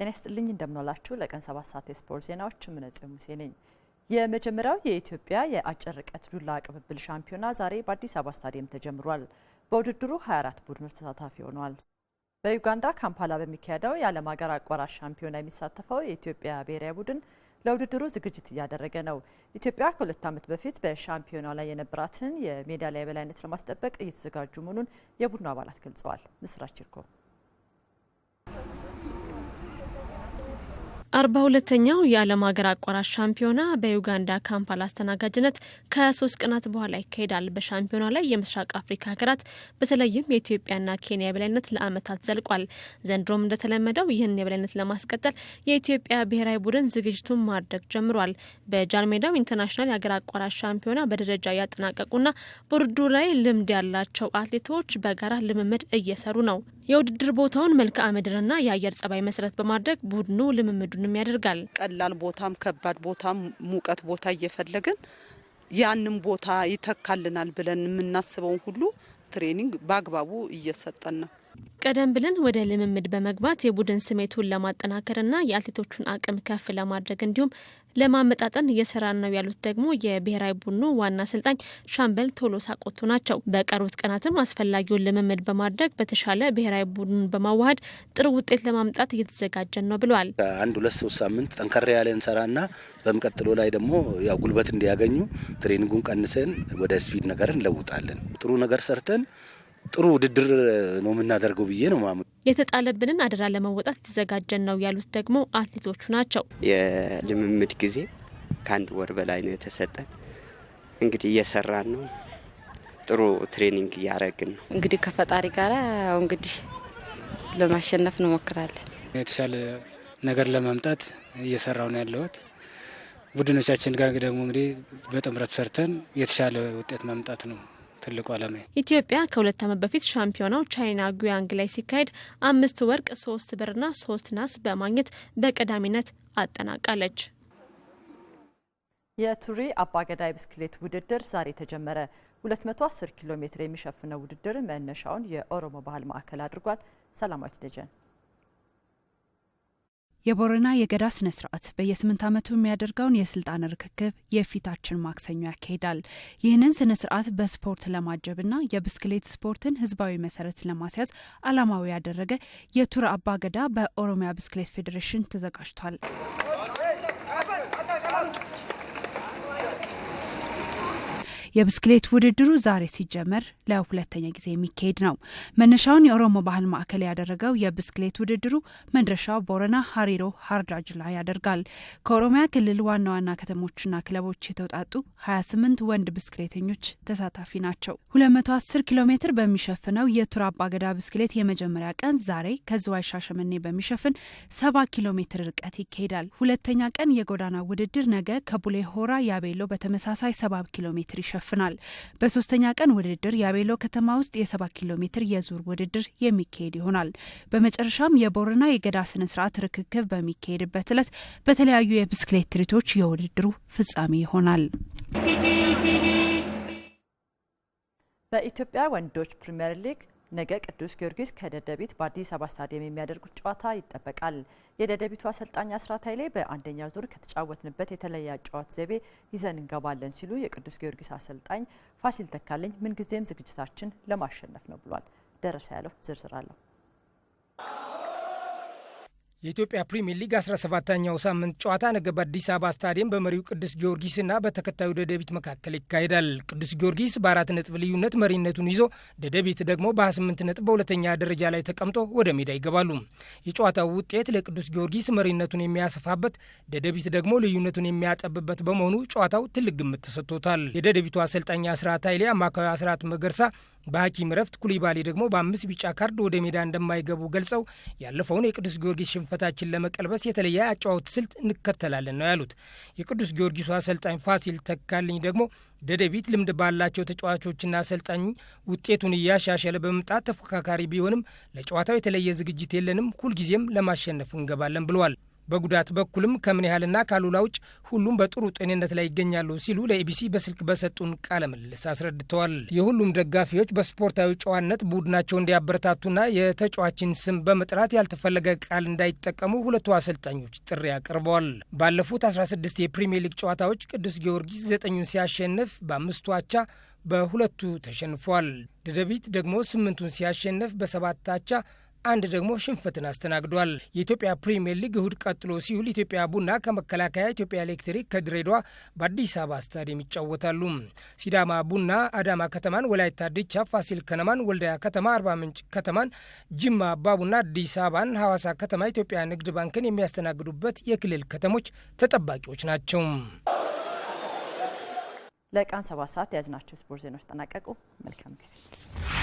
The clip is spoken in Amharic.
ጤና ይስጥልኝ እንደምናላችሁ። ለቀን ሰባት ሰዓት የስፖርት ዜናዎች ምነጽ ሙሴ ነኝ። የመጀመሪያው የኢትዮጵያ የአጭር ርቀት ዱላ ቅብብል ሻምፒዮና ዛሬ በአዲስ አበባ ስታዲየም ተጀምሯል። በውድድሩ 24 ቡድኖች ተሳታፊ ሆነዋል። በዩጋንዳ ካምፓላ በሚካሄደው የዓለም ሀገር አቋራጭ ሻምፒዮና የሚሳተፈው የኢትዮጵያ ብሔራዊ ቡድን ለውድድሩ ዝግጅት እያደረገ ነው። ኢትዮጵያ ከሁለት ዓመት በፊት በሻምፒዮና ላይ የነበራትን የሜዳሊያ የበላይነት ለማስጠበቅ እየተዘጋጁ መሆኑን የቡድኑ አባላት ገልጸዋል። ምስራች ይርኮ አርባ ሁለተኛው የዓለም ሀገር አቋራጭ ሻምፒዮና በዩጋንዳ ካምፓላ አስተናጋጅነት ከሶስት ቀናት በኋላ ይካሄዳል። በሻምፒዮና ላይ የምስራቅ አፍሪካ ሀገራት በተለይም የኢትዮጵያና ኬንያ የበላይነት ለዓመታት ዘልቋል። ዘንድሮም እንደተለመደው ይህን የበላይነት ለማስቀጠል የኢትዮጵያ ብሔራዊ ቡድን ዝግጅቱን ማድረግ ጀምሯል። በጃንሜዳው ኢንተርናሽናል የሀገር አቋራጭ ሻምፒዮና በደረጃ ያጠናቀቁና በውድድሩ ላይ ልምድ ያላቸው አትሌቶች በጋራ ልምምድ እየሰሩ ነው። የውድድር ቦታውን መልክዓ ምድርና የአየር ጸባይ መሰረት በማድረግ ቡድኑ ልምምዱን እንዲሆንም ያደርጋል። ቀላል ቦታም ከባድ ቦታም ሙቀት ቦታ እየፈለግን ያንን ቦታ ይተካልናል ብለን የምናስበውን ሁሉ ትሬኒንግ በአግባቡ እየሰጠን ነው። ቀደም ብለን ወደ ልምምድ በመግባት የቡድን ስሜቱን ለማጠናከርና የአትሌቶቹን አቅም ከፍ ለማድረግ እንዲሁም ለማመጣጠን እየሰራን ነው ያሉት ደግሞ የብሔራዊ ቡድኑ ዋና አሰልጣኝ ሻምበል ቶሎሳ ቆቱ ናቸው። በቀሩት ቀናትም አስፈላጊውን ልምምድ በማድረግ በተሻለ ብሔራዊ ቡድኑን በማዋሃድ ጥሩ ውጤት ለማምጣት እየተዘጋጀን ነው ብለዋል። አንድ ሁለት ሶስት ሳምንት ጠንከር ያለ እንሰራና በሚቀጥሎ ላይ ደግሞ ያው ጉልበት እንዲያገኙ ትሬኒንጉን ቀንሰን ወደ ስፒድ ነገር እንለውጣለን። ጥሩ ነገር ሰርተን ጥሩ ውድድር ነው የምናደርገው ብዬ ነው ማሙ። የተጣለብንን አደራ ለመወጣት የተዘጋጀን ነው ያሉት ደግሞ አትሌቶቹ ናቸው። የልምምድ ጊዜ ከአንድ ወር በላይ ነው የተሰጠን። እንግዲህ እየሰራን ነው፣ ጥሩ ትሬኒንግ እያደረግን ነው። እንግዲህ ከፈጣሪ ጋር እንግዲህ ለማሸነፍ እንሞክራለን። የተሻለ ነገር ለማምጣት እየሰራው ነው ያለሁት። ቡድኖቻችን ጋር ደግሞ እንግዲህ በጥምረት ሰርተን የተሻለ ውጤት ማምጣት ነው ትልቁ አለማ ኢትዮጵያ ከሁለት ዓመት በፊት ሻምፒዮናው ቻይና ጉያንግ ላይ ሲካሄድ አምስት ወርቅ፣ ሶስት ብርና ሶስት ናስ በማግኘት በቀዳሚነት አጠናቃለች። የቱሪ አባገዳይ ብስክሌት ውድድር ዛሬ ተጀመረ። 210 ኪሎ ሜትር የሚሸፍነው ውድድር መነሻውን የኦሮሞ ባህል ማዕከል አድርጓል። ሰላማዊት ደጀን የቦረና የገዳ ስነ ስርዓት በየስምንት ዓመቱ የሚያደርገውን የስልጣን ርክክብ የፊታችን ማክሰኞ ያካሂዳል። ይህንን ስነ ስርዓት በስፖርት ለማጀብና የብስክሌት ስፖርትን ህዝባዊ መሰረት ለማስያዝ ዓላማዊ ያደረገ የቱር አባ ገዳ በኦሮሚያ ብስክሌት ፌዴሬሽን ተዘጋጅቷል። የብስክሌት ውድድሩ ዛሬ ሲጀመር ለሁለተኛ ጊዜ የሚካሄድ ነው። መነሻውን የኦሮሞ ባህል ማዕከል ያደረገው የብስክሌት ውድድሩ መድረሻው ቦረና ሀሪሮ ሀርዳጅ ላይ ያደርጋል። ከኦሮሚያ ክልል ዋና ዋና ከተሞችና ክለቦች የተውጣጡ 28 ወንድ ብስክሌተኞች ተሳታፊ ናቸው። 210 ኪሎ ሜትር በሚሸፍነው የቱራባ አገዳ ብስክሌት የመጀመሪያ ቀን ዛሬ ከዝዋይ ሻሸመኔ በሚሸፍን 70 ኪሎ ሜትር ርቀት ይካሄዳል። ሁለተኛ ቀን የጎዳና ውድድር ነገ ከቡሌ ሆራ ያቤሎ በተመሳሳይ 70 ኪሎ ሜትር ይሸፍናል። ይሸፍናል። በሶስተኛ ቀን ውድድር የአቤሎ ከተማ ውስጥ የሰባ ኪሎ ሜትር የዙር ውድድር የሚካሄድ ይሆናል። በመጨረሻም የቦርና የገዳ ስነ ስርዓት ርክክብ በሚካሄድበት እለት በተለያዩ የብስክሌት ትርኢቶች የውድድሩ ፍጻሜ ይሆናል። በኢትዮጵያ ወንዶች ፕሪምየር ሊግ ነገ ቅዱስ ጊዮርጊስ ከደደቢት በአዲስ አበባ ስታዲየም የሚያደርጉት ጨዋታ ይጠበቃል። የደደቢቱ አሰልጣኝ አስራት ኃይሌ በአንደኛ ዙር ከተጫወትንበት የተለየ አጨዋወት ዘይቤ ይዘን እንገባለን ሲሉ የቅዱስ ጊዮርጊስ አሰልጣኝ ፋሲል ተካልኝ ምንጊዜም ዝግጅታችን ለማሸነፍ ነው ብሏል። ደረሰ ያለው ዝርዝር አለው። የኢትዮጵያ ፕሪምየር ሊግ 17ኛው ሳምንት ጨዋታ ነገ በአዲስ አበባ ስታዲየም በመሪው ቅዱስ ጊዮርጊስና በተከታዩ ደደቢት መካከል ይካሄዳል። ቅዱስ ጊዮርጊስ በአራት ነጥብ ልዩነት መሪነቱን ይዞ፣ ደደቢት ደግሞ በ28 ነጥብ በሁለተኛ ደረጃ ላይ ተቀምጦ ወደ ሜዳ ይገባሉ። የጨዋታው ውጤት ለቅዱስ ጊዮርጊስ መሪነቱን የሚያሰፋበት፣ ደደቢት ደግሞ ልዩነቱን የሚያጠብበት በመሆኑ ጨዋታው ትልቅ ግምት ተሰጥቶታል። የደደቢቱ አሰልጣኝ አስራት ኃይሌ አማካዩ አስራት መገርሳ በሐኪም ረፍት ኩሊባሊ ደግሞ በአምስት ቢጫ ካርድ ወደ ሜዳ እንደማይገቡ ገልጸው ያለፈውን የቅዱስ ጊዮርጊስ ሽንፈታችን ለመቀልበስ የተለየ አጨዋወት ስልት እንከተላለን ነው ያሉት። የቅዱስ ጊዮርጊሱ አሰልጣኝ ፋሲል ተካልኝ ደግሞ ደደቢት ልምድ ባላቸው ተጫዋቾችና አሰልጣኝ ውጤቱን እያሻሸለ በመምጣት ተፎካካሪ ቢሆንም ለጨዋታው የተለየ ዝግጅት የለንም፣ ሁልጊዜም ለማሸነፍ እንገባለን ብለዋል። በጉዳት በኩልም ከምን ያህልና ካሉላ ውጭ ሁሉም በጥሩ ጤንነት ላይ ይገኛሉ ሲሉ ለኢቢሲ በስልክ በሰጡን ቃለ ምልልስ አስረድተዋል። የሁሉም ደጋፊዎች በስፖርታዊ ጨዋነት ቡድናቸው እንዲያበረታቱና የተጫዋችን ስም በመጥራት ያልተፈለገ ቃል እንዳይጠቀሙ ሁለቱ አሰልጣኞች ጥሪ አቅርበዋል። ባለፉት 16 የፕሪምየር ሊግ ጨዋታዎች ቅዱስ ጊዮርጊስ ዘጠኙን ሲያሸንፍ በአምስቱ አቻ በሁለቱ ተሸንፏል። ደደቢት ደግሞ ስምንቱን ሲያሸንፍ በሰባት አቻ አንድ ደግሞ ሽንፈትን አስተናግዷል። የኢትዮጵያ ፕሪምየር ሊግ እሁድ ቀጥሎ ሲውል ኢትዮጵያ ቡና ከመከላከያ፣ ኢትዮጵያ ኤሌክትሪክ ከድሬዳዋ በአዲስ አበባ ስታዲየም ይጫወታሉ። ሲዳማ ቡና አዳማ ከተማን፣ ወላይታ ድቻ ፋሲል ከነማን፣ ወልዳያ ከተማ አርባ ምንጭ ከተማን፣ ጅማ አባቡና አዲስ አበባን፣ ሐዋሳ ከተማ ኢትዮጵያ ንግድ ባንክን የሚያስተናግዱበት የክልል ከተሞች ተጠባቂዎች ናቸው። ለቀን ሰባት ሰዓት የያዝናቸው ስፖርት ዜናዎች ተጠናቀቁ። መልካም ጊዜ